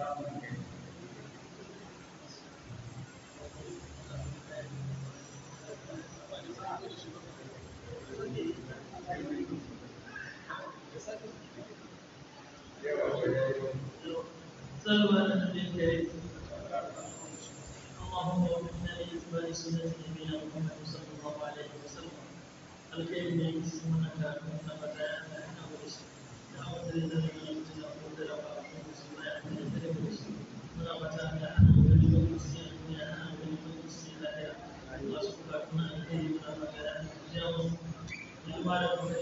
صلوا على النبي الكريم اللهم وفقنا لاتباع سنه نبينا محمد صلى الله عليه وسلم الكريم يسمونك انت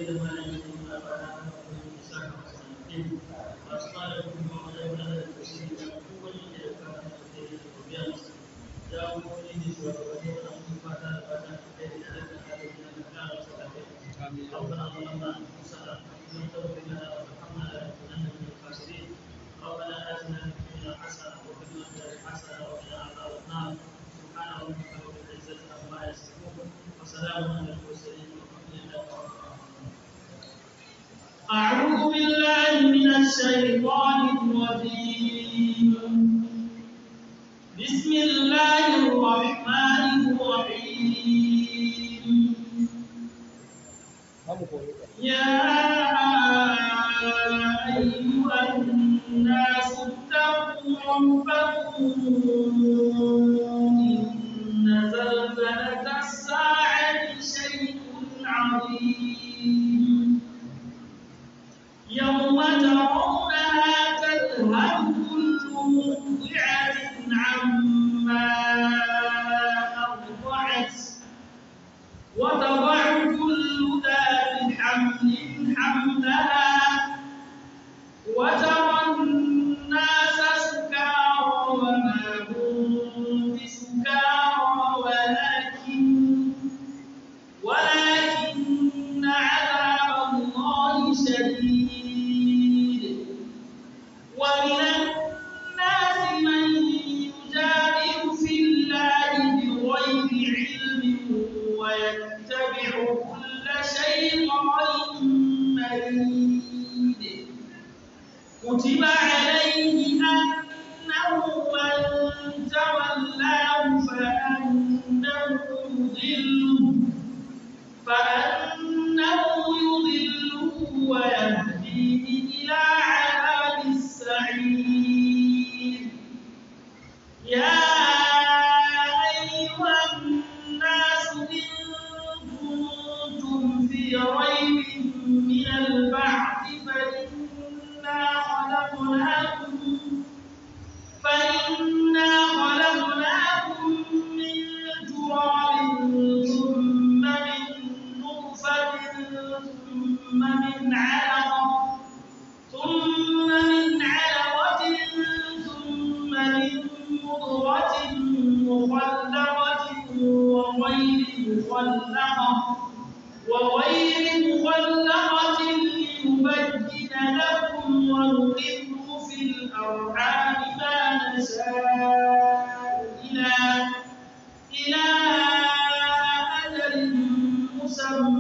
the women بالله من الشيطان الرجيم بسم الله الرحمن الرحيم يا أيها الناس اتقوا ربكم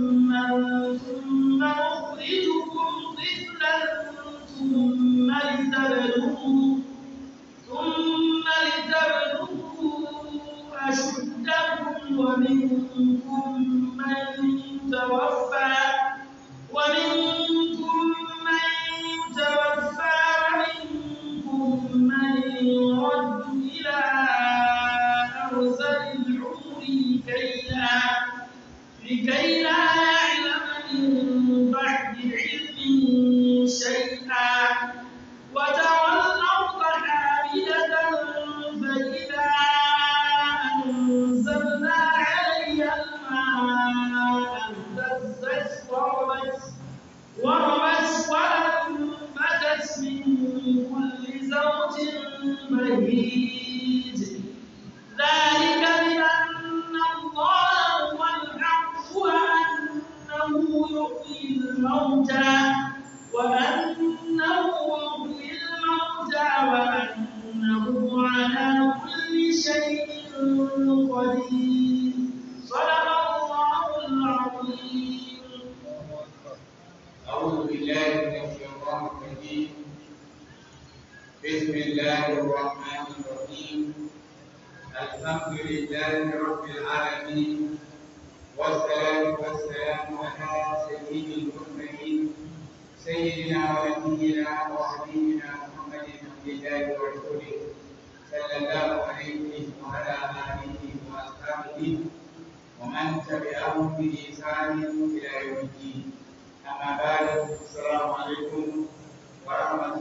ثم ثم نخرجكم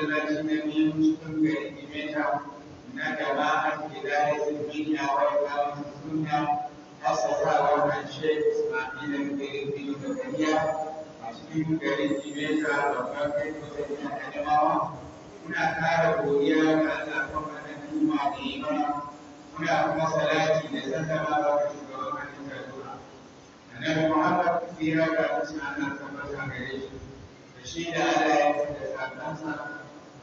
masallaci na biyu cikin gari dimeta na jama'ar hidayatul duniya wa ikamatu sunna asasawar na sheikh ismail al-garibi zakariya a cikin garin dimeta babban kai na adamawa muna kara godiya ga Allah kan wannan ni'ima da yi mana muna kuma salati da sallama ga shugaban halitta zuwa annabi muhammad tsira ga musu Allah tabbata gare shi da shi da Allah ya tsaya sakansa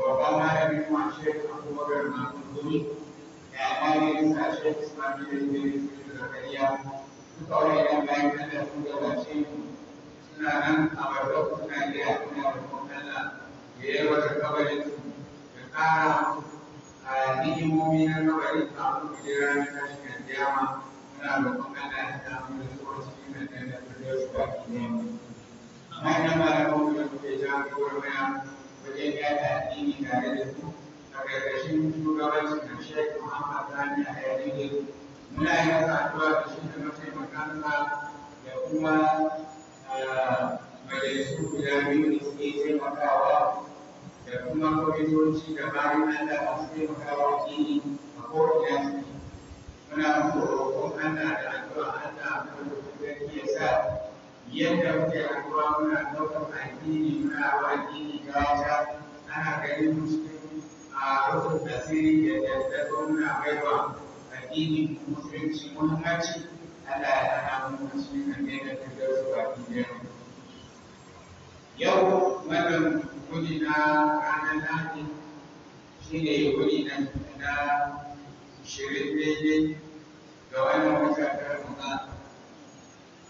وقام ابن عن شيخ ابو بكر المنصوري اعمال يسعى شيخ اسماعيل بن زكريا بقول ان لا يكلف الا شيء سنا ان امرتنا لياتنا وكنا يرى كبرت فقال نجموا من الكبر تعطوا بجيران كشف القيامه انا لكم ان اهتم بالصوره في مدينه الفردوس باكينين ما انما لكم من الفجار والبيان wajen yada addini tare da su a ƙarƙashin shugabancin da Sheikh Muhammad Sani a yayin muna yi masa addu'a da shi da mataimakansa da kuma ah, majalisu guda biyu da suke taimakawa da kuma kwamitoci da bayan Allah masu taimakawa addini a ko'ina suke. Muna roƙon Allah da addu'a Allah a kan ya sa yadda muke haɗuwa muna ɗaukar addini muna wa addini wata, ana ganin mu cikin a rufin tasiri da daddaɗo muna baiwa addini musulunci muhimmanci Allah ya hana mu musulmi kan daina fitar su ba Yau wannan kudi na ranar Lahadi shi ne kudi na shirin daidai ga wannan wata ta Ramadan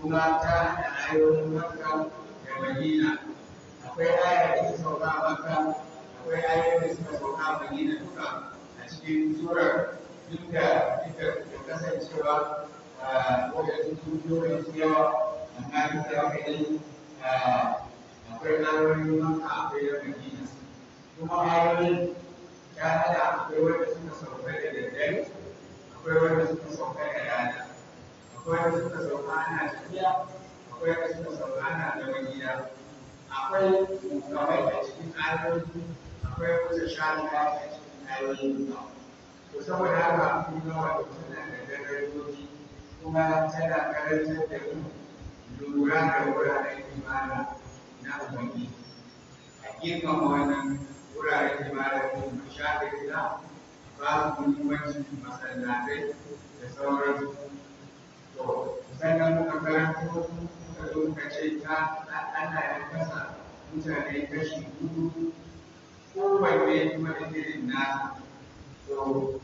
kuma ta haɗa ayoyin makka da madina akwai aya da ta sauka makka akwai ayoyin da suka sauka madina duka a cikin surar duk da kasancewa wajen tuturin yawa amma duk da gani akwai ayoyin makka akwai na madina kuma ayoyin ya haɗa akwai wanda suka sauka da daddare akwai wanda suka sauka da rana akwai wasu suka sauka tafiya akwai wasu suka ana zaman akwai mukamai a cikin ayoyi akwai wata shanu a cikin ayoyi to saboda haka kun ga wata tana da darajoji kuma tana karantar da mu lura da wuraren imana na ubangiji hakika wannan wuraren imana ko mashahidina ba su muhimmanci masallatai da sauransu sannan muka karanto muka zo muka ce ta ana ya kasa mutane kashi hudu kowanne kuma da irin nasa to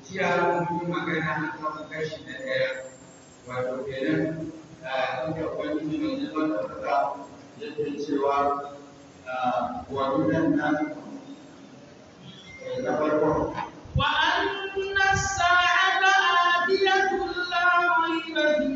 jiya mun yi magana a kan kashi na ɗaya wato kenan inda ubangiji mai da, ɗaukaka yake cewa wa dunan nasu na farko وأن الساعة آتية لا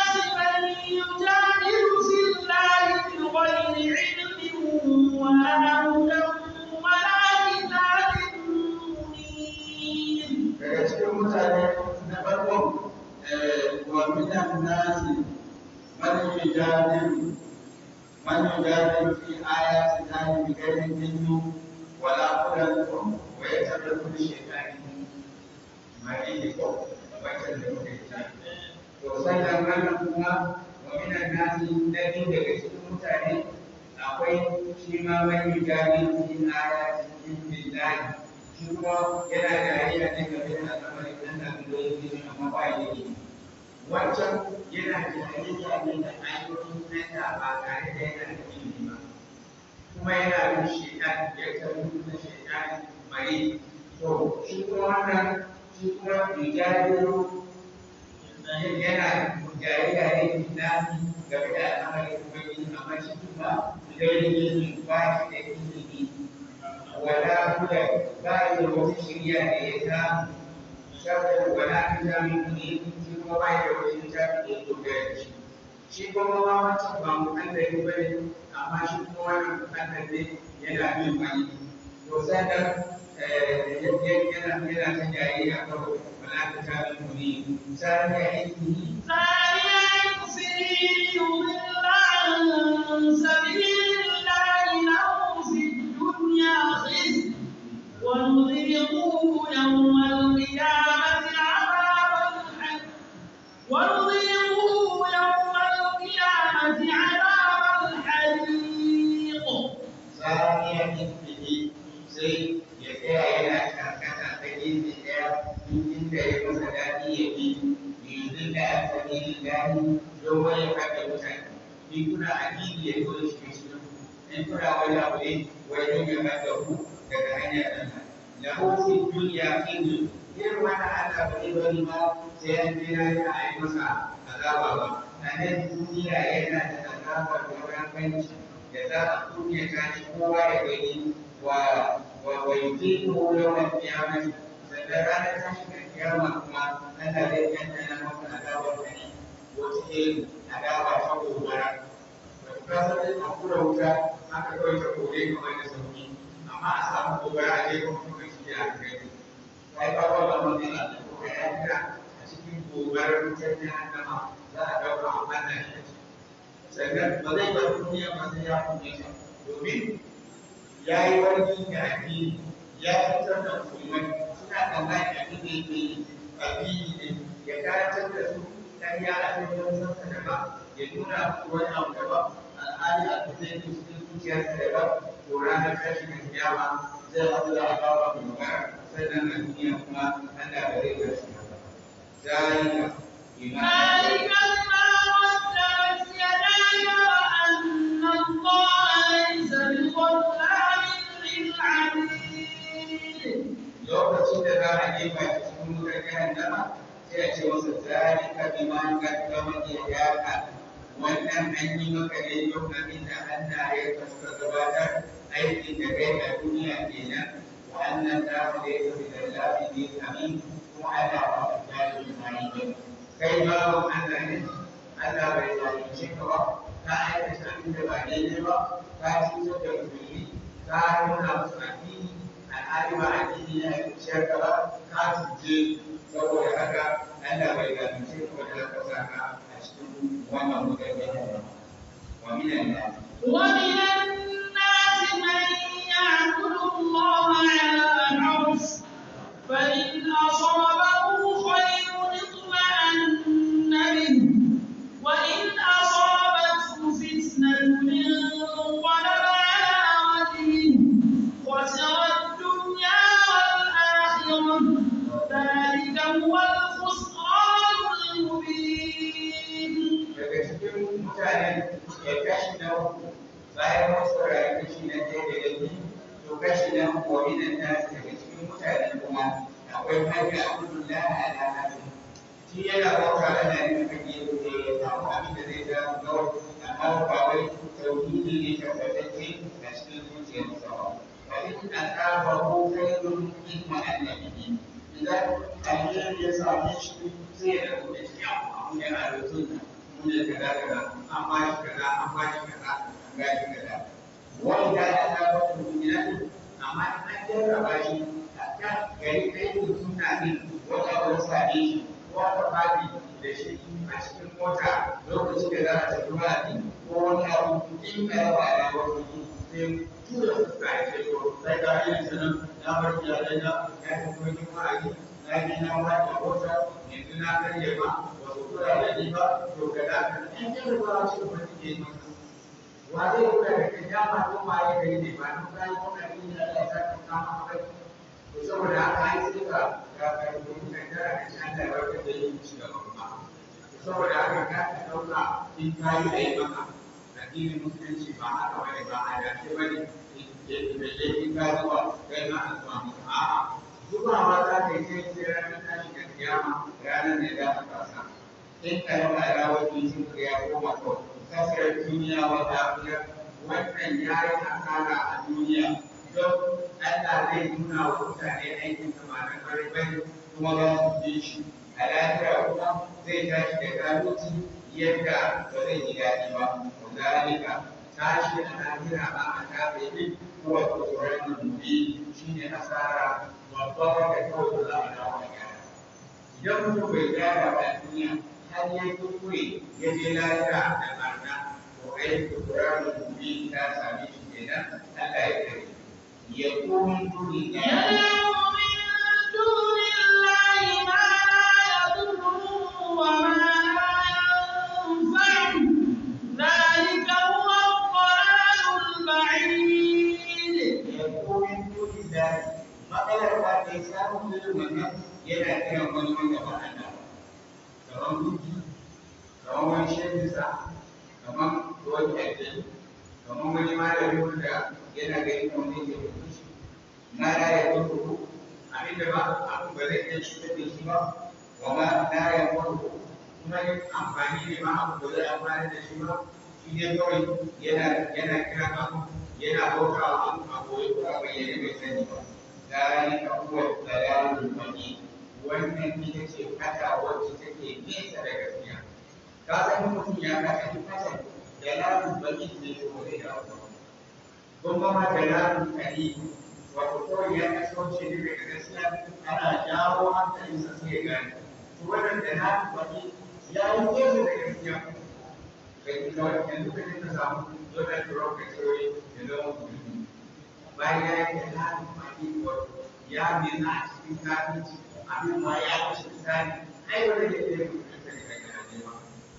tare da yana ba kuma yana bin shaitan ya tabu na shaitan mai to shi kuma wannan shi kuma bijajiro yana jayayya na game da al'amarin ubangiji amma kuma idan ba shi da wala kula ba shirya da ya samu wala ta kuma ba da ya shi kuma wancan ba mu kan da yi ba ne amma shi kuma wannan mu kan ne yana bin wani to sannan eh, yana yana ta yayi a kan wala ta ta bin wani sannan ya yi kuni ya yi kusiri sabilillahi lahu dunya khiz wa nudhiquhu yawmal qiyamati 'adaban wa ya kifi sai ya tsaya yana karkata ta gefe ɗaya duk ya masa daɗi ya bi yanzu da a tsakiyar gani don wani haɗe mutane in kuna addini ya zo shi shi in abu ne wani ya haɗa ku hanyar Allah lahu fi dunya khizyun irin wannan Allah ba zai bari ba sai an jira ya ayi masa azaba ba a nan duniya yana da azabar wani kanci da za a kunya gani kowa ya gani wa wa wa yuqimu yawmal qiyamah sannan ranar tashin kiyama kuma Allah zai tantana masa azabar kani wata irin azaba ta gobara wato ka san a kura wuta aka kawai ta kore kamar da sauki amma a samu gobara a gefen kuma shi ya kai kai ba ba ba mun da ko ya a cikin gobarar wutar jahannama za a dauka a wannan sannan ba zai bar duniya ba sai ya kuɗe ta domin ya yi wani da ake ya fitar da musulmai suna tsammani a inda yake ne ya karantar da su kan ya ake wani sassa da ba ya nuna wani abu da ba al'adu a cikin zuciyarsa da ba to ranar tashi da kiyama zai haɗu da abawa mai magana sannan a duniya kuma Allah shi ba. da za a jefa a cikin wutar jahannama sai a ce masa zalika bima qaddama yadaka wannan an yi maka ne don abin da Allah ya kasa gabatar aikin da kai a duniya kenan wa annan da ku da ko ana kai in jarabawa wa ne ba da ya saka saboda da ya kuma saboda in maka musulunci ba haka ba a dace bane in ka zuwa kai ma a zuwa maka a'a zuwa ma za ka yi sai ranar tashi da kiyama ranar ne za ka kasa dukkan wani alawar jinsin ka ya koma kawai kasar duniya wa lafiya wannan ya yi asara a duniya don Allah zai nuna wa mutane aikin sa ma'anar barbari kuma za su ji shi a lafiya kuma zai tashi da talauci yadda ba zai yi daɗi ba zalika tashi a lafiya ba a tafi ne kuwa tsoron mubi shine asara babba da kawai da za a dawo gyara idan mutum bai gyara ba a duniya Hanya yi kuskure ya je lahira da barna ko ai kuskura rubi ya kare ya kuma duni ɗaya Matsalar ba ta samun kamar gudu kamar wani shekisa kamar wani ƙarfi kamar wani malami wanda yana ganin kamar yake da kushi na raya duhu abinda ba abu ba zai iya cutar da shi ba wa ma na raya duhu kuma amfani ne ma abu ba zai amfani da shi ba shi ne kawai yana yana kira yana bauta da gaskiya ka san mutum ya kashe kashe jalalun baki ne ko zai dawo kuma ma jalalun kari wato kawai ya kaso shi daga gaskiya ana jawo hankalinsa sai ya gane to wannan jalalun baki ya yi nesa da gaskiya bai kuma yanzu ka ne ka samu Donald Trump ya yi ya cikin kafin ya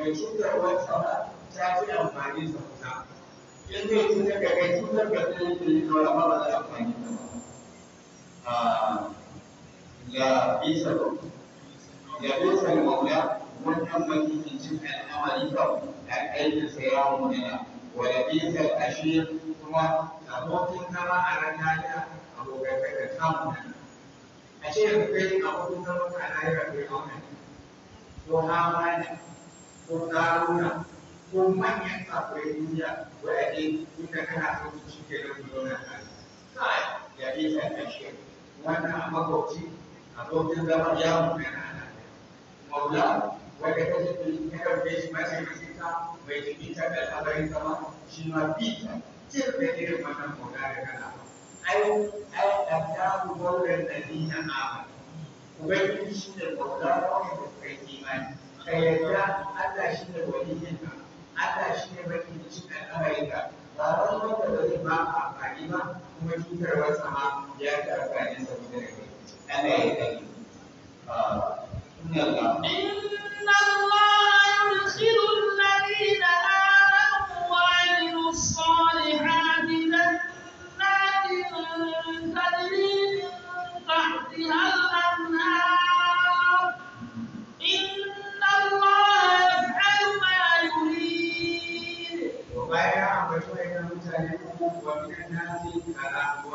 daga cutar wata ba ta fi amfani da kuta in zai da yi da da bisa a aikin bisa kuma a ce kai to ko ƙaruna ko manyan kafirai duniya waɗanda duka kana so su cike da ku ya dai ta kashe wannan a makwabci abokin zaman ya mutu yana ana. Maula, wanda ta ce ta ɗauke shi mace ah, mace ta bai ciki ta da al'amarin shi ma bi ta. Cin da irin wannan maula da kana. Ai, ai, ɗan maulan da ni na amana. Ubangiji shi da maula wanda yi imani. ka yarda Allah shi ne waliyinka Allah shi ne mafi cikin al'amarinka ba wani wanda ba zai ba amfani ba kuma cutarwarsa ma ya fi amfani sa da kai Allah ya kai إن الله إن الله يدخل الصالحات جنات تجري من تحتها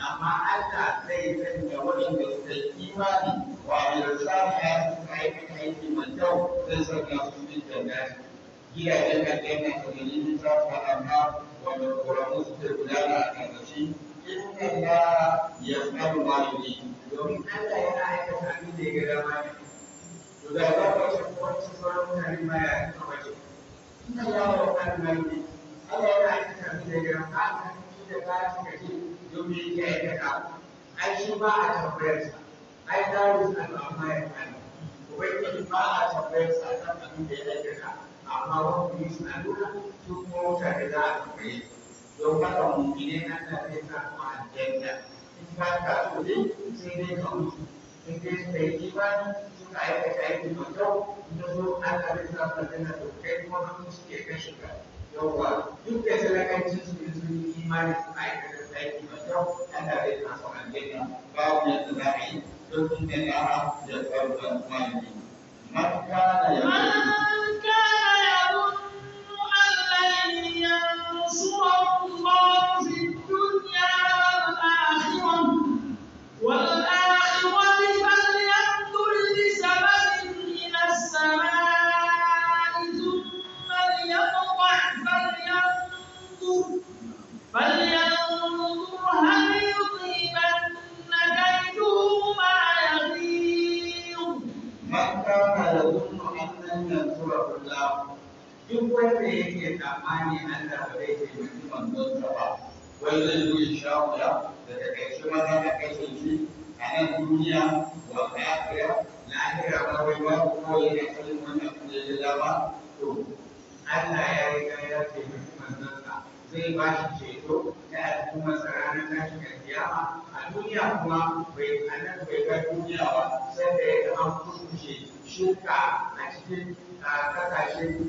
amma Allah zai sanya waɗanda suka yi imani wa alsama ya suka aiki aiki mai kyau zai sanya su cikin jannati gidajen aljanna kamar yin zafa amma wanda ƙoramu suke gudana a ƙarƙashi inna ya yasalu maliki domin Allah yana aikata abin da ya ga dama ne to da za ku ce ko wasu sauran mutane ma ya aikata wace inna ya yasalu maliki Allah yana aikata abin da ya ga dama ne da ba su kaje domin ya aikata ai shi ba a tambayarsa ai tarihi a amma ya kani ubangiji ba a tambayarsa a kan abin da ya aikata amma wani yi suna nuna su kuma mutane za a tambaye don haka mummune nan da zai sa kuma aljanna in ba ka so sai dai ka mutu in dai suka yi imani suka aikata aiki mai kyau in ta an abin sa ba aljanna to kai kuma mutu suke kashe ka yawwa duk da salakancin su sun yi imani suka aikata aiki masau ana da ita son aljanna babu yadda za a yi don kun ga ƙara da tsaro da ya Allah duk wanda yake tsammani Allah ba zai taimaki manzonsa ba wai zai yi shawara da takaice maza da kashe shi a nan duniya wa kafira lahira ba wai ba ko yana kallon wannan kuje da dama to Allah ya riga ya taimaki manzonsa zai ba shi ceto da al'ummar sa ranar tashi da kiyama a duniya kuma bai anan bai ga duniya ba sai da ya zama kuskushe shuka a cikin kasashen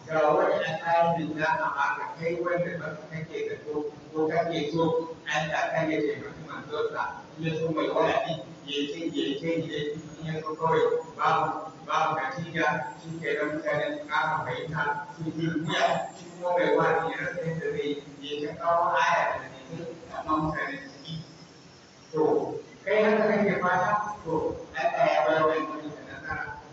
rồi anh ta mình ra mà bạn cảm thấy quên về mất cái gì là cô cô các gì cô anh đã thay cái được mà mà tôi là như không phải có đi gì gì gì gì gì như tôi tôi bao bao cả chi ra chi kể đông cái nên ta mà phải thật chi chi cũng vậy chi mua về qua thì nó sẽ tự vì vì cái đó ai là gì chứ mong xe nên chi cái hắn cái gì qua đó anh ta về mình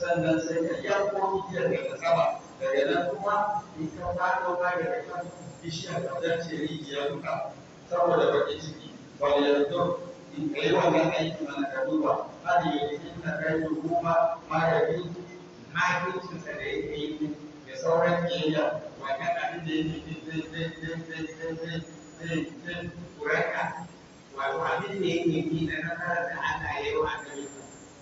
sannan sai ka yanko da daga sama daga nan kuma in ka fado ba daga kan bishiyar ka zarce rijiyar duka saboda baki ciki wani yanzu in ka yi wannan aiki mana ka duba hadi ya yi na kai hukuma magani makincinsa da ya yi da sauran kiyayya wannan abin da ya yi zai zai zai zai zai zai zai zai kuraka abin da ya yi na nasarar da Allah ya yi wa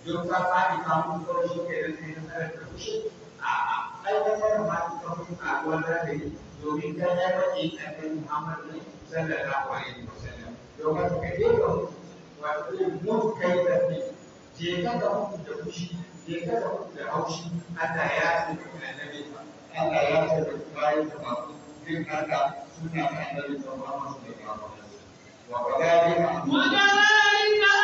don ka faɗi ka mutu kawai shi ke nan sai nasarar ta fushi a ai nasarar ma ta ta fushi a wannan da ne domin ta ya faɗi annabi Muhammad ne sallallahu alaihi wasallam don ka ka je ka mutu wato zai mutu kai da ne je ka mutu da fushi je ka mutu da haushi Allah ya ce ka annabi Allah ya ce ka bayan ka mutu din haka suna annabi sallallahu alaihi wasallam wa kadhalika wa kadhalika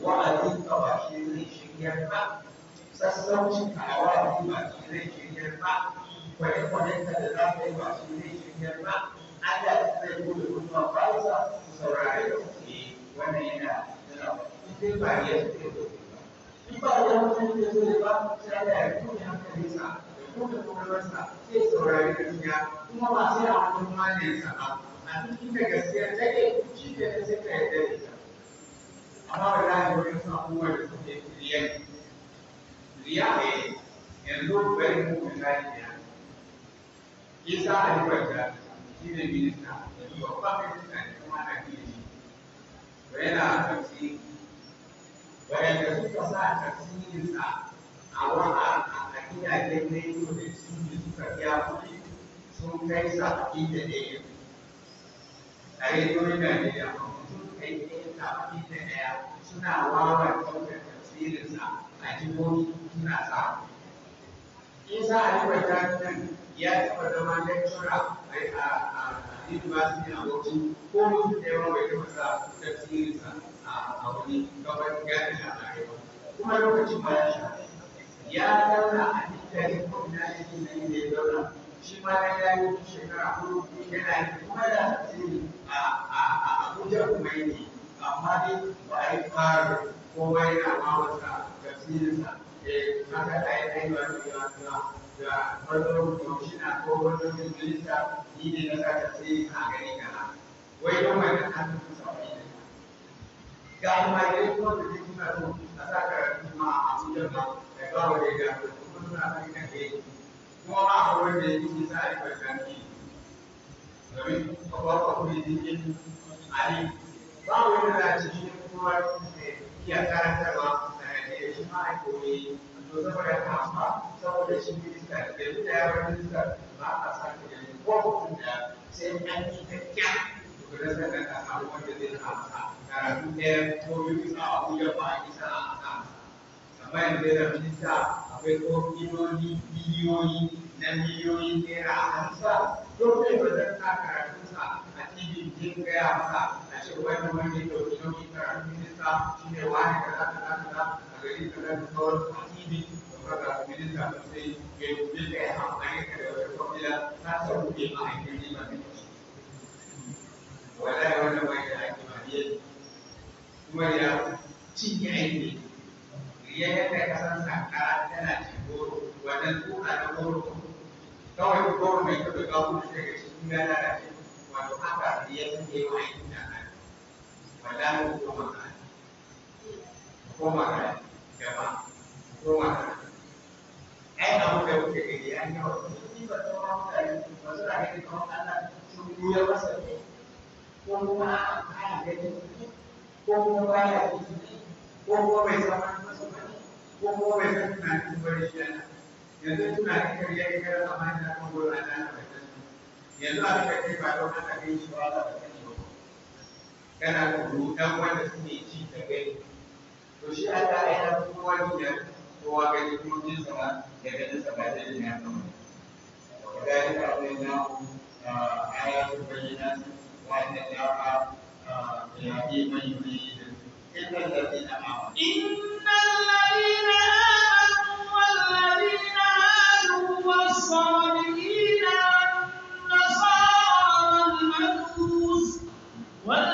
wa'azi a bashi zai shiryar ba sassauci a wa'azi ba shi zai shiryar ba kwaye-kwayen da za ka yi ba shi zai shiryar ba Allah zai gudu kuma ba sa saurare da kuke wannan yana da ba ya suke zo in ba ya mutum ke zo ba sai Allah ya tuni hankalinsa ya tuni kwakwalwarsa sai saurare gaskiya kuma ba sai a hannun malinsa ba a duk inda gaskiya take shi ke sai ka yarda da ita amma wallahi wani suna kowa da suke riya ne riya ne yanzu bari mu misali ne isa alibata shi ne minista babban minista ne kuma na ilimi to yana tafsi wayanda suka sa tafsirinsa a wata a gidajen rediyo da cikin suka biya kuɗi sun kai sa inda ɗaya a rediyoyin shafi da ɗaya suna wawar ɗaukar tafsirinsa a jimomi suna sa. Isa Halima Jami'an ya taɓa zama lecturer a University a Bauchi ko mutum da yawa bai taɓa sa tafsirinsa a wani gaban gani a arewa. Kuma lokacin ba ya Ya zauna a dukkanin kwamnati na da ya zauna shi ma ya yi shekara yana kuma da tafsiri a Abuja kuma yake. amma dai ba a yi fara kowa yana mawata tafsirinsa eh, haka ta yi aiwa da yawa da farko kwamishina ko wani minista ni ne na sa tafsirin a gani kana wai don mai na kan su sauri ne ga almajirai kuma da ke a sa karatu ma a abuja ma da bawa da ya gafi kuma suna sa ke kuma ma a wurin da ya yi sa a yi barkanci domin abuwa kwamishina ali babu wanda za a ce shi kuma iya karantarwa a Najeriya shi ma a koyi to saboda haka saboda shi minista yanzu da ya bar ba a sa ka yanzu ko mutum sai an yi kakkiya to da saka ka samu wanda zai sa karatu ɗaya ko biyu a Abuja ba a isa a sa kamar yanzu da minista akwai kofinoni biliyoyi na miliyoyin a hansa to kai ba zan sa karatunsa a cikin jin gaya masa ce wani wanda ya ɗauki nauyi karatun minista shi ne wani da za ka za ka a gari ka za ka kawar asibi da karatun minista ba sai ya yi kuɗi da ya amfani ka da wata kwamila za ta rufe ma'aikata ba minti. Wallahi wannan wani da ake ma ne kuma ya cinye aiki riya yadda ka san sankara tana cin goro wannan tuka na goro kawai goro mai kuɗi kawo da daga cikin gana da wato haka riya sun yi wa aiki na faɗa mu koma ka koma ka gaba koma ka ai abu da kuke gani an ba ta ma mutane ba su da gani kamar Allah sun buya ko kuma a ko kuma baya ko kuma bai zama masa ba ko kuma bai san tunanin bari yana yanzu tunanin kar ya yi kar na bai yanzu shi ba kana rubutan wanda suke ci da gani to shi Allah ya yi kowa duniya kowa gani kuma jin sama da ganin sa ba zai yi haka ba kadai ka sai na ayatu bayyana wa inna allaha yahdi man yurid illa alladhina amanu inna alladhina amanu wal ladina hadu was والنصارى والمجوس وال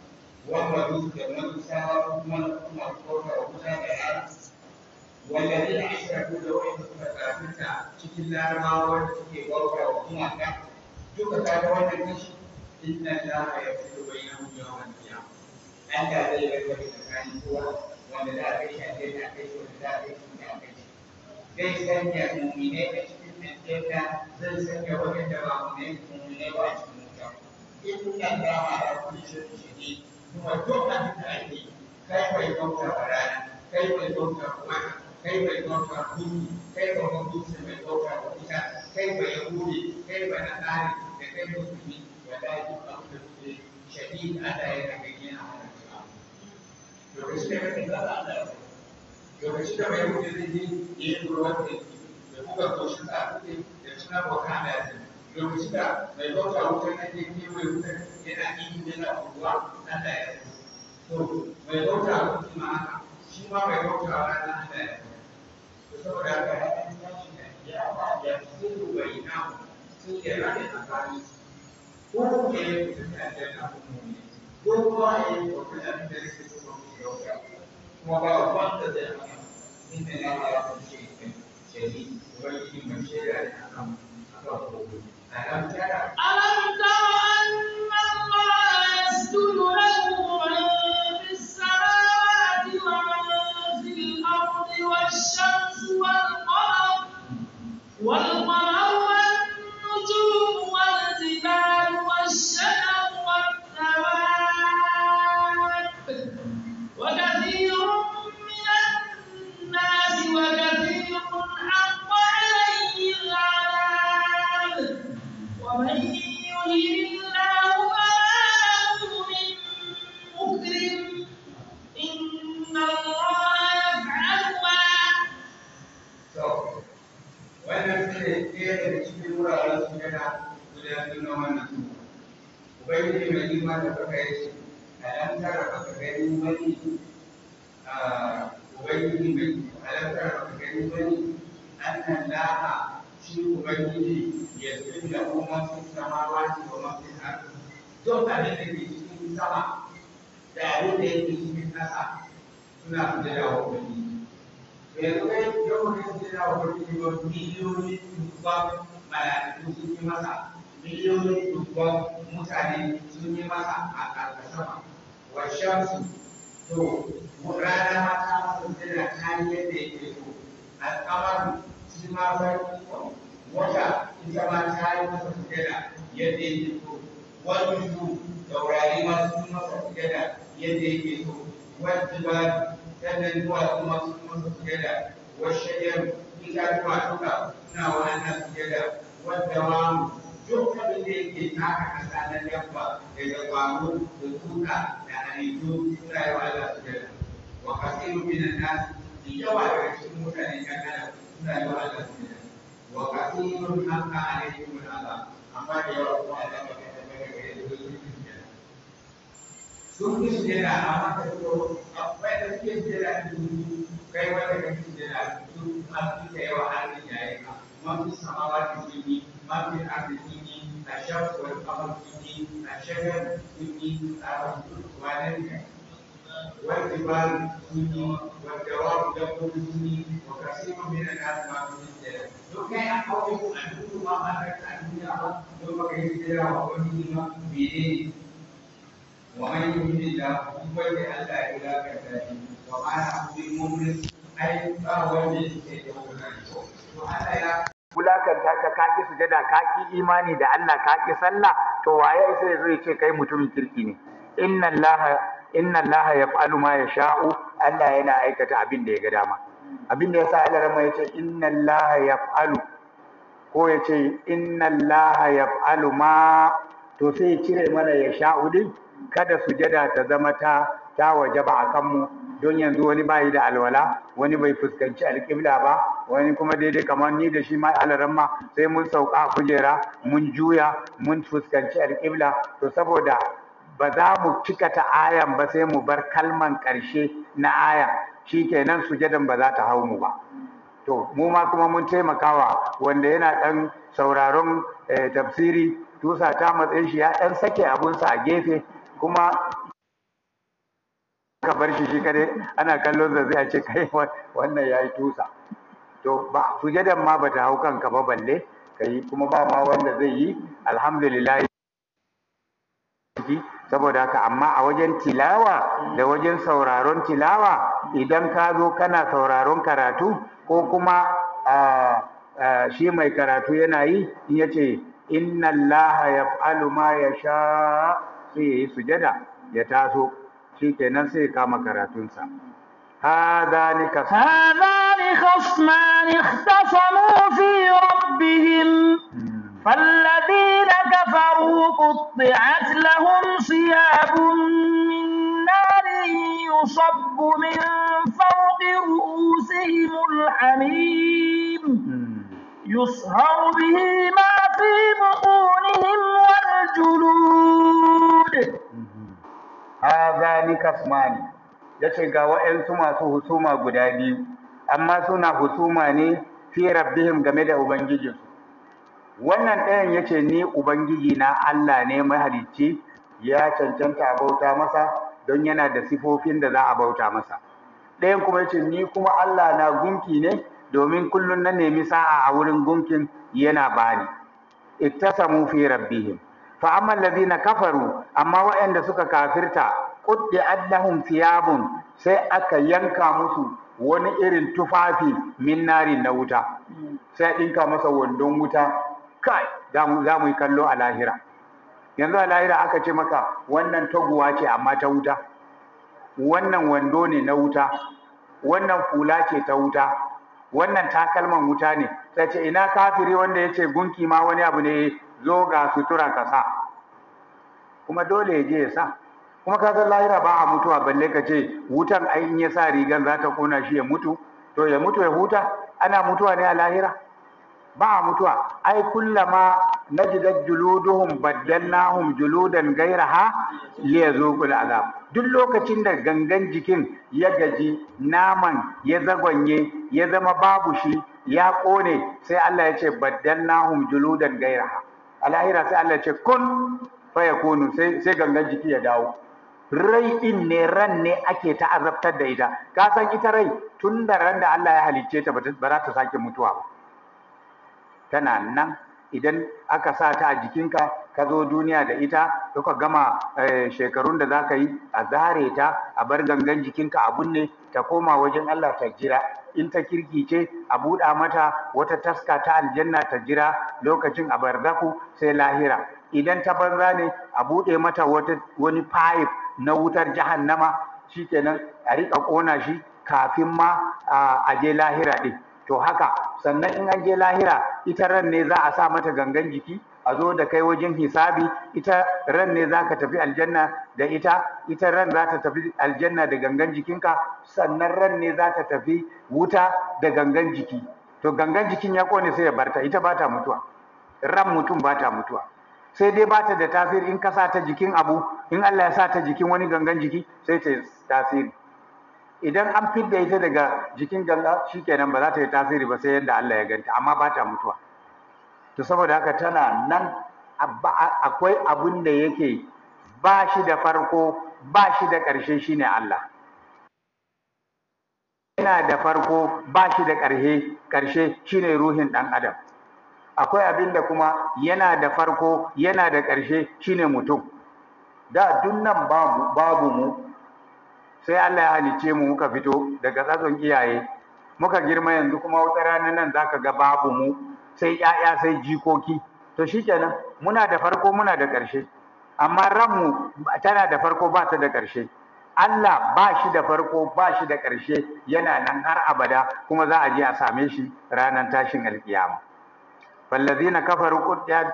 وقالوا كمن ساروا من أمر قوة والذين أشركوا لو أن تفتحت الله ما ورثك قوة وقوة duka ta ga wannan kashi inna allaha yafidu bainahum yawmal qiyamah Allah zai rarrabe tsakanin kowa wanda da aka shafe da aka yi wanda da aka yi da aka yi zai sanya mu'minai a cikin aljanna zai sanya waɗanda ba mu'minai mu'minai ba a cikin wuta inna kuma duk abin da ake yi kai mai ɗaukar rana kai mai ɗaukar wata kai mai ɗaukar kuɗi kai mai mutunci mai ɗaukar wuta kai mai yahudi kai mai nasari da kai musulmi da daji ɗaukar ce shahid ana yana gani a hannun ka lokaci da mai ɗaukar ana lokaci da mai yahudi zai yi ya yi ruwan da buga koshin da da suna bukana da lokacin mai bauta ya mai bauta ma haka shi ma mai bauta a ya yi kusa mu kuma ba ألم تر أن kalilu minan nas yawa daga cikin mutane kan adam suna yi wa Allah sujada wa kathirun haqqa alaihim al'azab amma da yawa kuma Allah ba kai daga gare su sun yi sujada sun yi sujada amma ka so akwai da suke sujada su kai wanda ka fi sujada su an fi kai a a a wajiban bunyi, wajawab jawab bunyi, wakasih membina karma bunyi jalan. Jokai apa itu anu rumah mana tak punya apa? Jumpa ke istirahat apa ni lima bini. Wahai bunyi jalan, jumpa ke alat ular kata ini. Wahai aku di mumpis, ayu tahu ini sejauh Bulakanta ta kaki sujada kaki imani da Allah kaki sallah to waye sai zai ce kai mutumin kirki ne inna Allah inna ya fa'alu ma ya sha'u, Allah yana aikata abin da ya ga dama abin da yasa Allah rama yace inna ya fa'alu ko yace inna ya fa'alu ma to sai cire mana ya sha'u din kada sujada ta zama ta ta wajaba a kanmu don yanzu wani bayi da alwala wani bai fuskanci alƙibla ba wani kuma daidai kamar ni da shi ma alaran ma sai mun sauka kujera mun juya mun fuskanci alƙibla to saboda ba za mu cika ta ayan ba sai mu bar kalman ƙarshe na ayan shikenan sujadan ba za ta hau mu ba to mu ma kuma mun taimakawa wanda yana ɗan sauraron eh, tafsiri tusa ta matsayin shi ya ɗan sake abunsa a gefe kuma ka bar shi shi kare ana kallon zai a ce kai wannan ya yi tusa to ba sujadan ma ba ta hau kanka ba balle ka yi kuma ba ma wanda zai yi alhamdulillah saboda haka amma a wajen tilawa da wajen sauraron tilawa idan ka zo kana sauraron karatu ko kuma shi mai karatu yana yi in ya ce inna allaha fa'alu ma ya sha sai yi sujada ya taso shi kenan sai kama karatunsa هذان هذان خصمان اختصموا في ربهم فالذين كفروا قطعت لهم ثياب من نار يصب من فوق رؤوسهم الحميم يصهر به ما في بطونهم والجلود هذا لكثمان yace ga wa'yansu masu husuma guda biyu amma suna husuma ne fi rabbihim game da ubangijinsu wannan ɗayan ya ce ni ubangiji na Allah ne mahalicci ya cancanta a bauta masa don yana da sifofin da za a bauta masa ɗayan kuma ya ce ni kuma Allah na gunki ne domin kullum na nemi sa'a a wurin gunkin yana bani ittasamu fi rabbihim fa amma allazina kafaru amma waɗanda suka kafirta quddi adlahum thiyabun sai aka yanka musu wani irin tufafi min nari na wuta sai dinka masa wandon wuta kai za mu yi kallo a lahira yanzu a lahira aka ce maka wannan taguwa ce amma ta wuta wannan wando ne na wuta wannan fula ce ta wuta wannan takalman wuta ne ta ce ina kafiri wanda ya ce gunki ma wani abu ne zo ga sutura ka sa kuma dole ya je ya sa kuma kaga lahira ba a mutuwa balle ka ce wutan ai in ya sa rigan za ta kona shi ya mutu to ya mutu ya huta ana mutuwa ne a lahira ba mutuwa ai kullama juluduhun baddan nahun juludan gairaha liyazuqul azab duk lokacin da gangan jikin ya gaji naman ya zagonye, ya zama babu shi ya kone sai Allah ya ce baddan nahun juludan gairaha alahira sai Allah ya ce kun faya kunu, sai gangan jiki ya dawo rai in ne ran ne ake ta azabtar da ita ka san ita rai tun da ran da Allah ya halicce ta ba za ta sake mutuwa ba tana nan idan aka sa ta a jikinka ka zo duniya da ita ka gama eh, shekarun da za ka yi a zare ta a bar gangan jikinka a binne ta koma wajen Allah ta jira in ta kirki ce a buɗa mata wata taska ta aljanna ta jira lokacin a barzaku sai lahira idan ta banza ne a buɗe mata wani fayif na wutar jahannama shikenan a riƙa ƙona shi kafin ma a je lahira ɗin to haka sannan in an je lahira ita ran ne za a sa mata gangan jiki a zo da kai wajen hisabi ita ran ne za ka tafi aljanna da ita ita ran za ta tafi aljanna da gangan jikinka sannan ran ne za ta tafi wuta da gangan jiki to gangan jikin ya kone sai ya barta ita ba ta mutuwa ran mutum ba ta mutuwa sai dai ba ta da tasiri in ka sa ta jikin abu in Allah ya sa ta jikin wani gangan jiki sai ta tasiri idan an fidda ita daga jikin ganga shikenan ba za ta yi tasiri ba sai yadda Allah ya ganta amma ba ta mutuwa to saboda haka tana nan akwai abun da yake ba shi da farko ba shi da ƙarshe shine Allah yana da farko ba shi da ƙarshe ƙarshe shine ruhin ɗan adam akwai abin da kuma yana da farko yana da ƙarshe shine mutum da dunnan babu mu sai Allah ya halice mu muka fito daga tsatson iyaye muka girma yanzu kuma wata rana nan za ka ga babu mu sai ƴaƴa sai jikoki to shikenan muna da farko muna da ƙarshe amma ranmu tana da farko ba ta da ƙarshe Allah ba shi da farko ba shi da ƙarshe yana nan har abada kuma za a je a same shi ranar tashin alkiyama fallazina kafaru qudda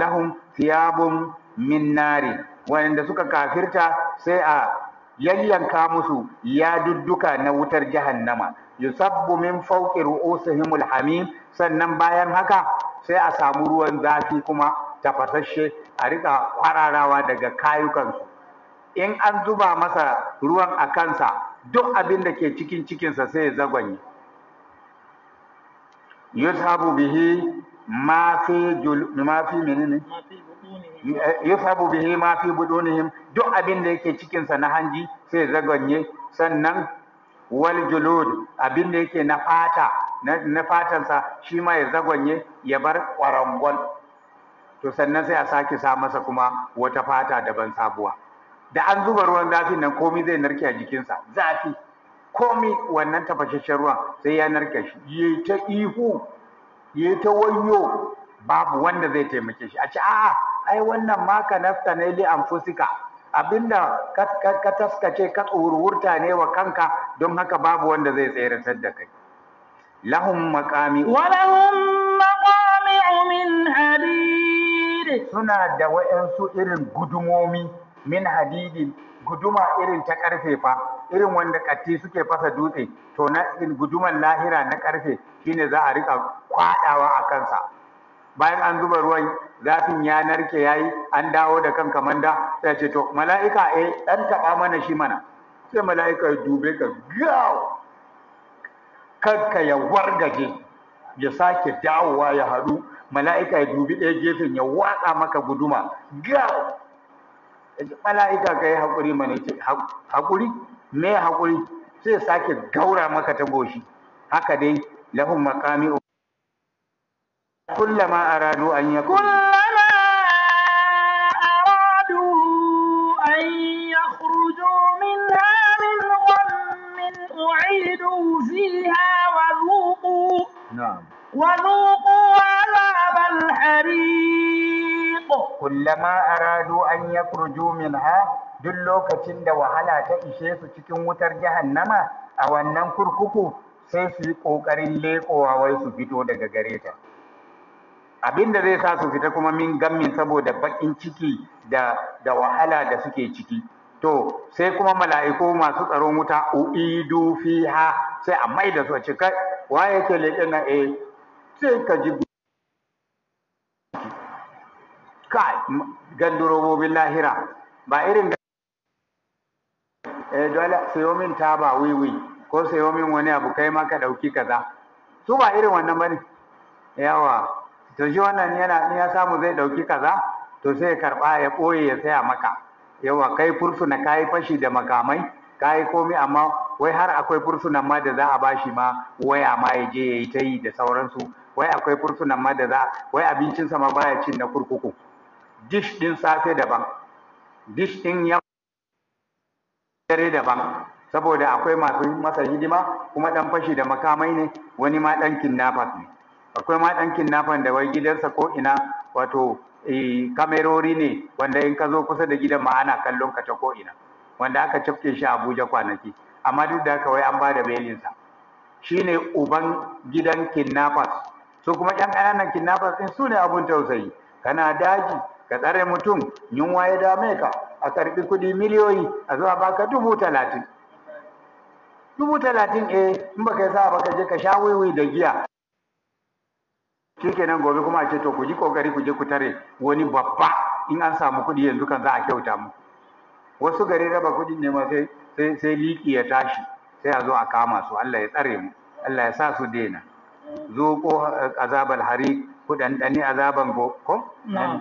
lahum thiyabun min nari wanda suka kafirta sai a yayyanka musu ya dudduka na wutar jahannama yusabbu min fawqi ru'usihimul hamim sannan bayan haka sai a samu ruwan zafi kuma tafasasshe a rika kwararawa daga kayukansu in an zuba masa ruwan a kansa duk abin da ke cikin cikinsa sai ya zagwanye yushabu bihi ma fi jul ma fi menene ma fi yusabu bihi ma fi budunihim duk abin da yake cikin sa na hanji sai zagonye sannan wal julud abin da yake na fata na fatan sa shi ma ya zagonye ya bar kwarangon to sannan sai a sake sa masa kuma wata fata daban sabuwa da an zuba ruwan zafi nan komai zai narke a jikinsa zafi komi wannan tafashashen ruwan sai ya narke shi Ye ta ihu ye ta wayo babu wanda zai taimake shi a ce a'a ai wannan ma ka nafta ne li anfusika abinda ka taskace ka tsururta ne wa kanka don haka babu wanda zai tsayartar da kai lahum maqami wa lahum maqami min hadid suna da wayansu irin gudumomi min hadidin guduma irin ta karfe fa irin wanda katti suke fasa dutse to na guduman lahira na karfe shine za a rika kwadawa a kansa bayan an zuba ruwan Zafin ya narke ya yi, an dawo da kan kamanda, da sai ce to mala'ika eh dan taɓa mana shi mana sai mala'ika ya dube ka gaw kanka ya wargaje ya sake dawowa ya haɗu mala'ika ya dubi ɗaya gefen ya watsa maka guduma gaw mala'ika ka yi hakuri mana ce hakuri me hakuri sai sake gaura maka ta goshi haka dai lahun maqami كلما أرادوا أن يكلما أرادوا أن يخرجوا منها من غم أعيدوا فيها وذوقوا نعم وذوقوا عذاب الحريق كلما أرادوا أن يخرجوا منها duk lokacin da wahala ta ishe su cikin wutar jahannama a wannan kurkuku sai su yi ƙoƙarin leƙowa wai su fito daga gare ta. abinda zai sa su fita kuma min gammin saboda bakin ciki da da wahala da suke ciki to sai kuma mala'iku masu tsaro wuta uidu fiha sai a mai da su a kai wa ke leke na eh sai ka ji ka gandurobobin lahira ba irin eh dole sayo min taba wiwi ko sayo min wani abu kai ma ka ɗauki kaza su ba irin wannan bane yawa to shi wannan yana in ya samu zai ɗauki kaza to sai ya karba ya ɓoye ya saya maka yawa kai fursuna ka yi fashi da makamai ka yi komi amma wai har akwai fursunan ma da za a bashi ma waya ma ya je ya yi ta yi da sauransu wai akwai fursunan ma da za wai sa ma baya cin na kurkuku dish ɗin safe daban dish ɗin ya dare daban saboda akwai masu masa hidima kuma ɗan fashi da makamai ne wani ma ɗan kidnappers ne akwai ma ɗan kinnafan da wai gidansa ko ina wato kamerori ne wanda in ka zo kusa da gidan ma ana kallon ka ta ko ina wanda aka cafke shi a Abuja kwanaki amma duk da haka wai an bada sa shine uban gidan kidnappers su kuma ƴan ƙananan kidnappers din su ne abun tausayi kana daji ka tsare mutum yunwa ya dame ka a karɓi kuɗi miliyoyi a zuwa baka dubu talatin dubu talatin eh in baka yi sa ba je ka sha wiwi da giya shikenan gobe kuma a ce to ku ji kokari ku je ku tare wani babba in an samu kuɗi yanzu kan za a kyauta mu wasu gari raba kuɗin ne ma sai sai sai liki ya tashi sai a zo a kama su Allah ya tsare mu Allah ya sa su daina ko eh, azabal hari ku dandani azaban go ko inna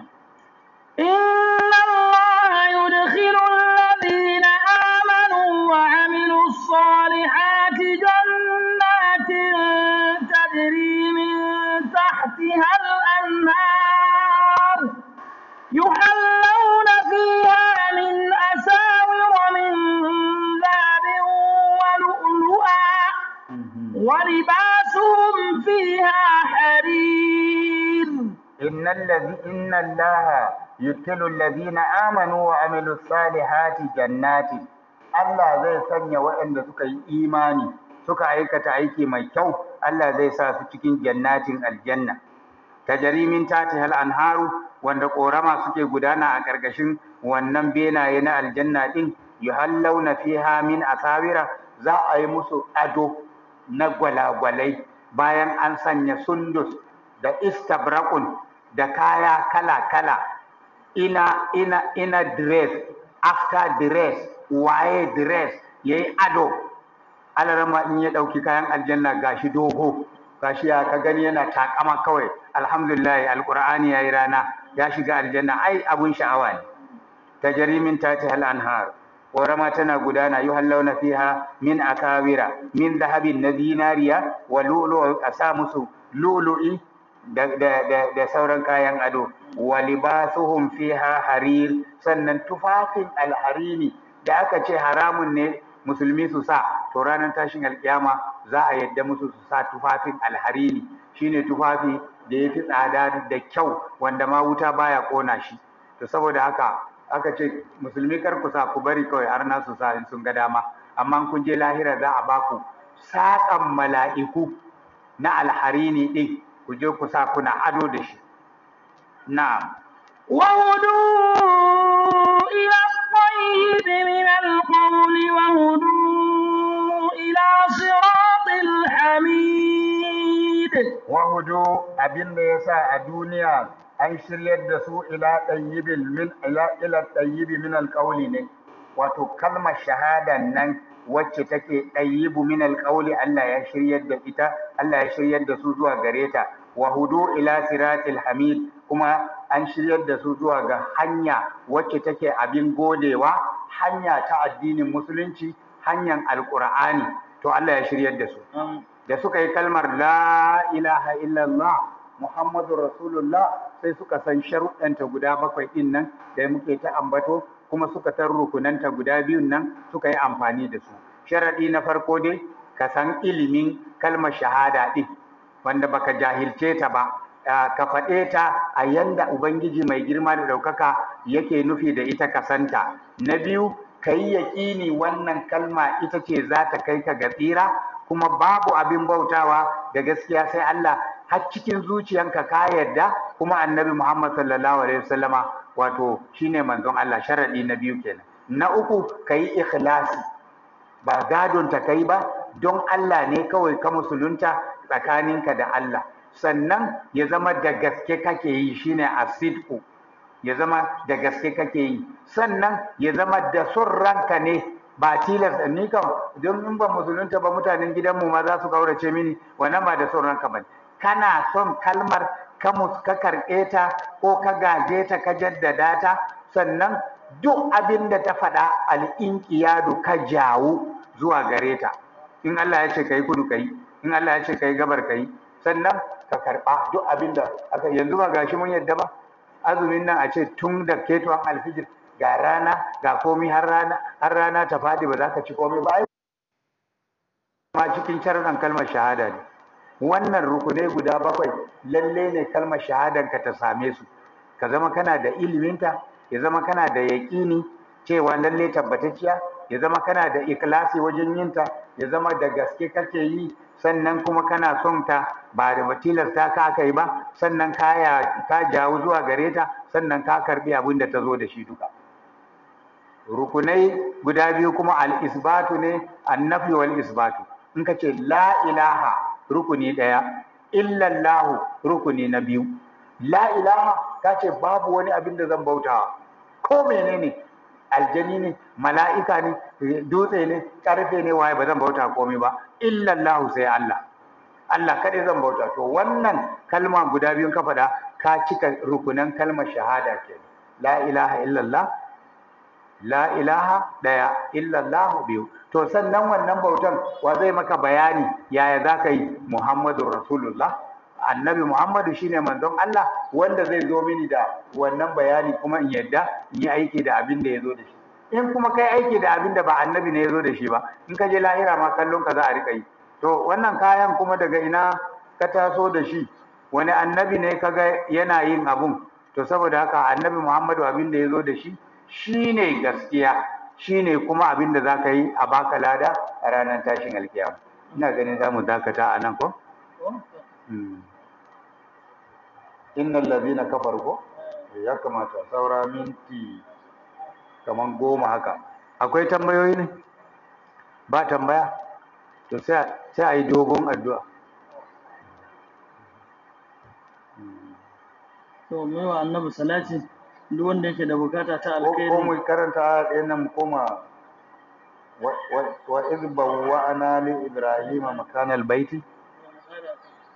Allah yudkhilu alladhina amanu wa amilus salihati ولباسهم فيها حرير إن الذي إن الله يدخل الذين آمنوا وعملوا الصالحات جنات Allah zai sanya waɗanda suka yi imani suka aikata aiki mai kyau Allah zai sa su cikin jannatin aljanna Ta jarimin tatihal anharu wanda ƙorama suke gudana a ƙarƙashin wannan benaye na aljanna din yuhallawna fiha a asawira za a yi musu ado na gwalagwalai bayan an sanya sundus da istabrakun da kaya kala-kala ina ina ina dress after dress waye dress yayi ado alarama in ya ɗauki kayan aljanna gashi dogo gashi ya ka gani yana takama kawai alhamdulillah alqur'ani yayi rana ya shiga aljanna ai abun sha'awa ne Ta jarimin tahtiha al-anhar ƙorama tana gudana yi hallauna fiha min akawira min zahabin na zinariya wa a sa musu lu'lu'i da sauran kayan ado wa libasuhum fiha harir sannan tufafin alharimi da aka ce haramun ne musulmi su sa to ranar tashin alkiyama za a yadda musu su sa tufafin alharimi shine tufafi da ya fi tsada da kyau wanda ma wuta baya kona shi to saboda haka aka ce musulmi kar ku sa ku bari kawai har na sa in sun ga dama amma kun je lahira za a baku saƙan mala'iku na alharini ɗin ku je ku sa kuna ado da shi na. Wahudu ila tsayi min ila wahudu ila القول hamid wahudu abin ya sa a duniya an shiryar da su ila ɗayyibi min alƙauli ne wato kalmar shahada nan wacce take ɗayyibu min alƙauli Allah ya shiryar da ita Allah ya shiryar da su zuwa gare ta wa hudu ila siratil hamid kuma an shiryar da su zuwa ga hanya wacce take abin godewa hanya ta addinin musulunci hanyar alƙur'ani to Allah ya shiryar da su da suka yi kalmar la ilaha illallah muhammadur rasulullah sai suka san sharuɗanta guda bakwai ɗin nan da muke ta ambato kuma suka san rukunanta guda biyun nan suka yi amfani da su sharaɗi na farko dai ka san ilimin kalmar shahada ɗin wanda baka jahilce ta ba ka faɗe ta a yanda ubangiji mai girma da ɗaukaka yake nufi da ita ka santa na biyu ka yi yaƙini wannan kalma ita ce za ta kai ka ga tsira kuma babu abin bautawa da gaskiya sai Allah har cikin zuciyanka ka yarda kuma annabi Muhammad sallallahu alaihi wasallama wato shine manzon Allah sharadi na biyu kenan na uku kai ikhlasi ba gadon ta kai ba don Allah ne kawai ka musulunta tsakaninka da Allah sannan ya zama da gaske kake yi shine asidku ya zama da gaske kake yi sannan ya zama da son ranka ne ba tilas ni kam don in ba musulunta ba mutanen gidanmu ma za su kaurace mini wannan ba da son ranka ba kana son kalmar ka ka karɓe ta ko ka gaje ta ka jaddada ta sannan duk abin da ta faɗa al'inki yadu ka jawo zuwa gare ta in Allah ya ce kai kudu kai in Allah ya ce kai gabar kai sannan ka karɓa duk abin da aka yanzu ba gashi mun yadda ba azumin nan a ce tun da ketuwan alfijir ga rana ga komi har rana har rana ta faɗi ba za ka ci komai ba ma cikin sharuɗan kalmar shahada ne wannan rukunai guda bakwai lalle ne kalmar shahadanka ta same su ka zama kana da iliminta ya zama kana da yaƙini cewa lalle tabbatacciya ya zama kana da ikilasi wajen yinta ya zama da gaske kake yi sannan kuma kana son ta ba da matilar ta ka kai ba sannan kaya ka jawo zuwa gare ta sannan ka karbi abin da ta zo da shi duka rukunai guda biyu kuma al-isbatu ne annafi wal isbatu in ka ce la ilaha rukuni ɗaya illallahu rukuni na biyu la ilaha ta ce babu wani abin da zan bautawa ko menene aljani ne mala'ika ne dutse ne karfe ne waye ba zan bauta komai ba illallahu sai Allah Allah kaɗai zan bauta to wannan kalma guda biyun ka faɗa ka cika rukunan kalmar shahada ke la ilaha illallah la ilaha ɗaya illallahu biyu to sannan wannan bautan wa zai maka bayani yaya za ka yi muhammadu rasulullah annabi muhammadu shine manzon allah wanda zai zo mini da wannan bayani kuma in yadda in yi aiki da abin da ya zo da shi in kuma kai aiki da abin da ba annabi ne ya zo da shi ba in ka je lahira ma kallon ka za a riƙa yi to wannan kayan kuma daga ina ka taso da shi wani annabi ne ka ga yana yin abun to saboda haka annabi muhammadu abin da ya zo da shi shine gaskiya Shi ne kuma abin da za ka yi a baka lada a ranar tashin alkiyama ina ganin za mu dakata a nan ko hmm. innan na kafar ko ya kamata saura minti kamar goma haka akwai tambayoyi ne ba tambaya to sai a yi dogon addu'a to mai annabi salati duk wanda yake da bukata ta alkhairi ko mu karanta ɗayan nan koma wa iz bawwa'na li ibrahima makana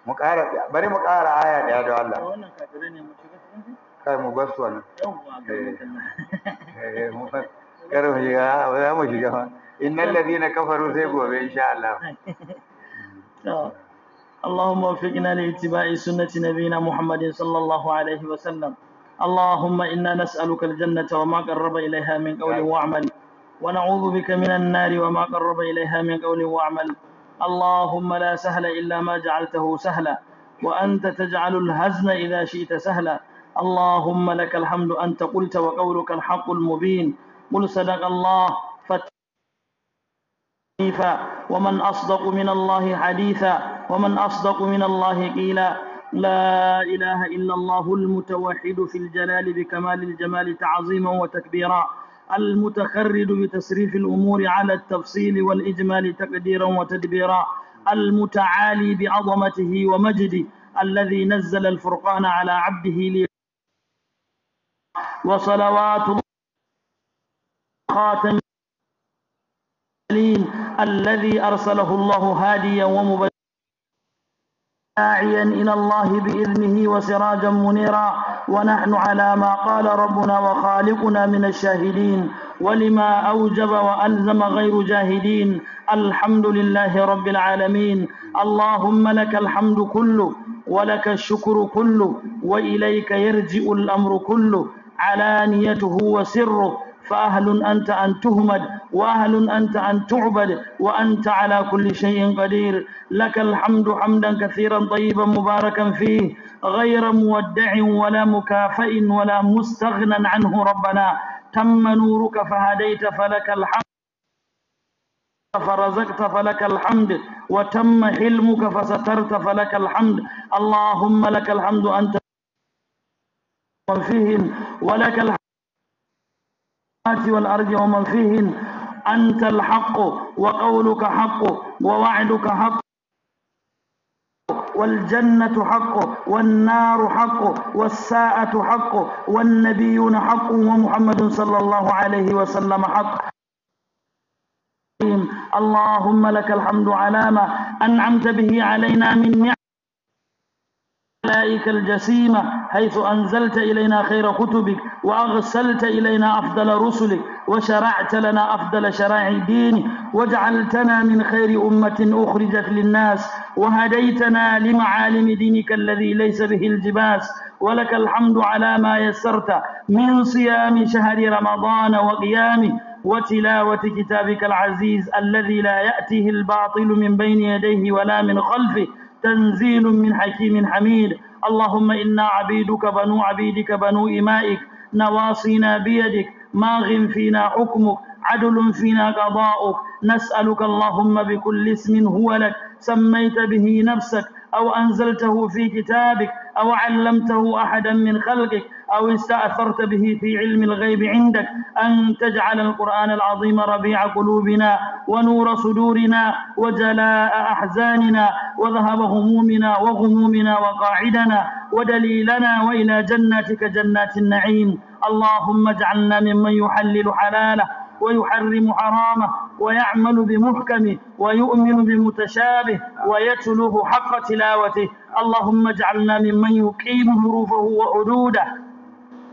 mu kara bari mu aya ɗaya da Allah kai mu bar wannan eh. eh, kar mu shiga za mu shiga innal ladina kafaru sai gobe insha Allah اللهم وفقنا لاتباع سنة نبينا محمد صلى الله عليه وسلم اللهم إنا نسألك الجنة وما قرب إليها من قول نعم. وعمل ونعوذ بك من النار وما قرب إليها من قول وعمل اللهم لا سهل إلا ما جعلته سهلا وأنت تجعل الهزن إذا شئت سهلا اللهم لك الحمد أنت قلت وقولك الحق المبين قل صدق الله فتيفا ومن أصدق من الله حديثا ومن أصدق من الله قيلا لا إله إلا الله المتوحد في الجلال بكمال الجمال تعظيما وتكبيرا المتخرد بتسريف الأمور على التفصيل والإجمال تقديرا وتدبيرا المتعالي بعظمته ومجده الذي نزل الفرقان على عبده لي وصلوات الله خاتم الذي أرسله الله هاديا ومبينا داعيا إلى الله بإذنه وسراجا منيرا ونحن على ما قال ربنا وخالقنا من الشاهدين ولما أوجب وألزم غير جاهدين الحمد لله رب العالمين اللهم لك الحمد كله ولك الشكر كله وإليك يرجئ الأمر كله علانيته وسره فأهل أنت أن تهمد وأهل أنت أن تعبد وأنت على كل شيء قدير لك الحمد حمدا كثيرا طيبا مباركا فيه غير مودع ولا مكافئ ولا مستغنى عنه ربنا تم نورك فهديت فلك الحمد فرزقت فلك الحمد وتم حلمك فسترت فلك الحمد اللهم لك الحمد أنت فيهم ولك الحمد السماوات والأرض ومن فيهن أنت الحق وقولك حق ووعدك حق والجنة حق والنار حق والساعة حق والنبيون حق ومحمد صلى الله عليه وسلم حق اللهم لك الحمد على ما أنعمت به علينا من نعم الملائكة الجسيمة حيث أنزلت إلينا خير كتبك وأرسلت إلينا أفضل رسلك وشرعت لنا أفضل شرائع دينك وجعلتنا من خير أمة أخرجت للناس وهديتنا لمعالم دينك الذي ليس به الجباس ولك الحمد على ما يسرت من صيام شهر رمضان وقيامه وتلاوة كتابك العزيز الذي لا يأتيه الباطل من بين يديه ولا من خلفه تنزيل من حكيم حميد اللهم إنا عبيدك بنو عبيدك بنو إمائك نواصينا بيدك ماغ فينا حكمك عدل فينا قضاؤك نسألك اللهم بكل اسم هو لك سميت به نفسك أو أنزلته في كتابك أو علمته أحدا من خلقك أو استأثرت به في علم الغيب عندك أن تجعل القرآن العظيم ربيع قلوبنا ونور صدورنا وجلاء أحزاننا وذهب همومنا وغمومنا وقاعدنا ودليلنا وإلى جناتك جنات النعيم اللهم اجعلنا ممن يحلل حلاله ويحرم حرامه ويعمل بمحكمه ويؤمن بمتشابه ويتلوه حق تلاوته اللهم اجعلنا ممن يقيم حروفه وحدوده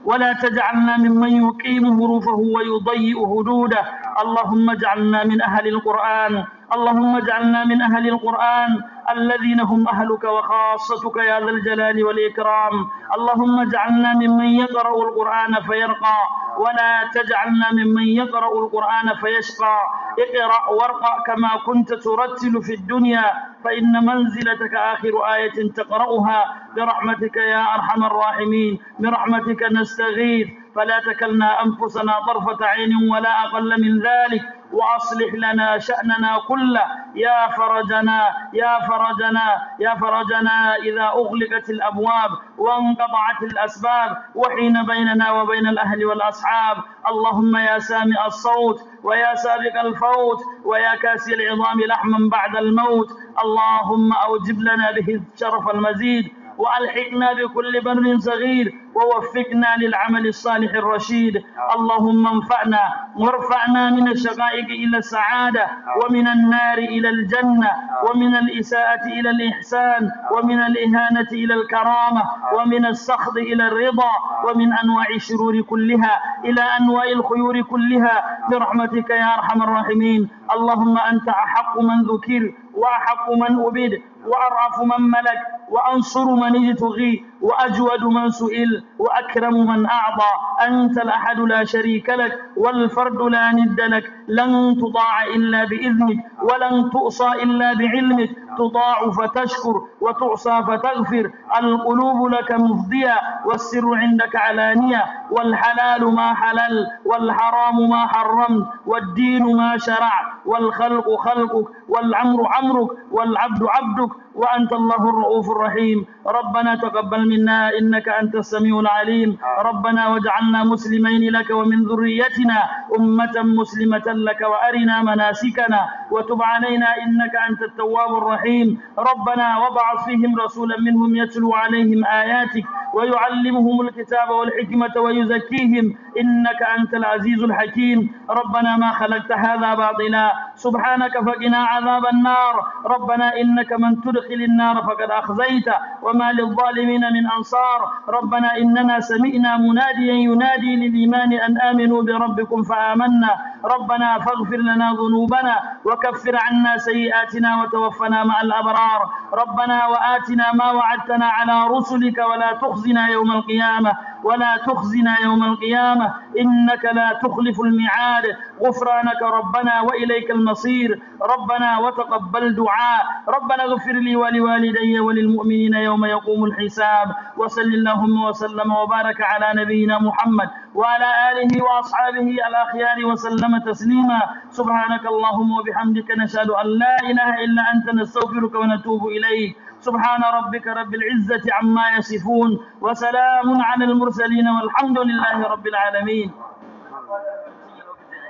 ولا تجعلنا ممن يقيم حروفه ويضيء حدوده اللهم اجعلنا من أهل القرآن اللهم اجعلنا من أهل القرآن الذين هم أهلك وخاصتك يا ذا الجلال والإكرام اللهم اجعلنا ممن يقرأ القرآن فيرقى ولا تجعلنا ممن يقرأ القرآن فيشقى اقرأ وارقى كما كنت ترتل في الدنيا فإن منزلتك آخر آية تقرأها برحمتك يا أرحم الراحمين برحمتك نستغيث فلا تكلنا أنفسنا طرفة عين ولا أقل من ذلك وأصلح لنا شأننا كله يا فرجنا يا فرجنا فرجنا يا فرجنا إذا أغلقت الأبواب وانقطعت الأسباب وحين بيننا وبين الأهل والأصحاب اللهم يا سامع الصوت ويا سابق الفوت ويا كاسي العظام لحما بعد الموت اللهم أوجب لنا به الشرف المزيد والحقنا بكل بر صغير ووفقنا للعمل الصالح الرشيد اللهم انفعنا وارفعنا من الشقائق إلى السعادة ومن النار إلى الجنة ومن الإساءة إلى الإحسان ومن الإهانة إلى الكرامة ومن السخط إلى الرضا ومن أنواع الشرور كلها إلى أنواع الخيور كلها برحمتك يا أرحم الراحمين اللهم أنت أحق من ذكر وأحق من أبد وأرعف من ملك وأنصر من ابتغي وأجود من سئل وأكرم من أعطى أنت الأحد لا شريك لك والفرد لا ند لك لن تطاع إلا بإذنك ولن تؤصى إلا بعلمك تطاع فتشكر وتعصى فتغفر القلوب لك مفضية والسر عندك علانية والحلال ما حلل والحرام ما حرمت والدين ما شرع والخلق خلقك والعمر عمرك والعبد عبدك look وأنت الله الرؤوف الرحيم ربنا تقبل منا إنك أنت السميع العليم ربنا واجعلنا مسلمين لك ومن ذريتنا أمة مسلمة لك وأرنا مناسكنا وتب علينا إنك أنت التواب الرحيم ربنا وابعث فيهم رسولا منهم يتلو عليهم آياتك ويعلمهم الكتاب والحكمة ويزكيهم إنك أنت العزيز الحكيم ربنا ما خلقت هذا باطلا سبحانك فقنا عذاب النار ربنا إنك من تدعو ادخل النار فقد أخزيت وما للظالمين من أنصار ربنا إننا سمعنا مناديا ينادي للإيمان أن آمنوا بربكم فآمنا ربنا فاغفر لنا ذنوبنا وكفر عنا سيئاتنا وتوفنا مع الأبرار ربنا وآتنا ما وعدتنا على رسلك ولا تخزنا يوم القيامة ولا تخزنا يوم القيامة إنك لا تخلف الميعاد غفرانك ربنا وإليك المصير ربنا وتقبل دعاء ربنا اغفر لي ولوالدي وللمؤمنين يوم يقوم الحساب وصل اللهم وسلم وبارك على نبينا محمد وعلى آله وأصحابه الأخيار وسلم تسليما سبحانك اللهم وبحمدك نشهد أن لا إله إلا أنت نستغفرك ونتوب إليك سبحان ربك رب العزة عما يصفون وسلام على المرسلين والحمد لله رب العالمين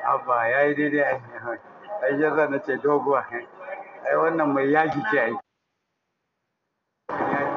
أبا يا yi daidai ai ya zana أي doguwa ai wannan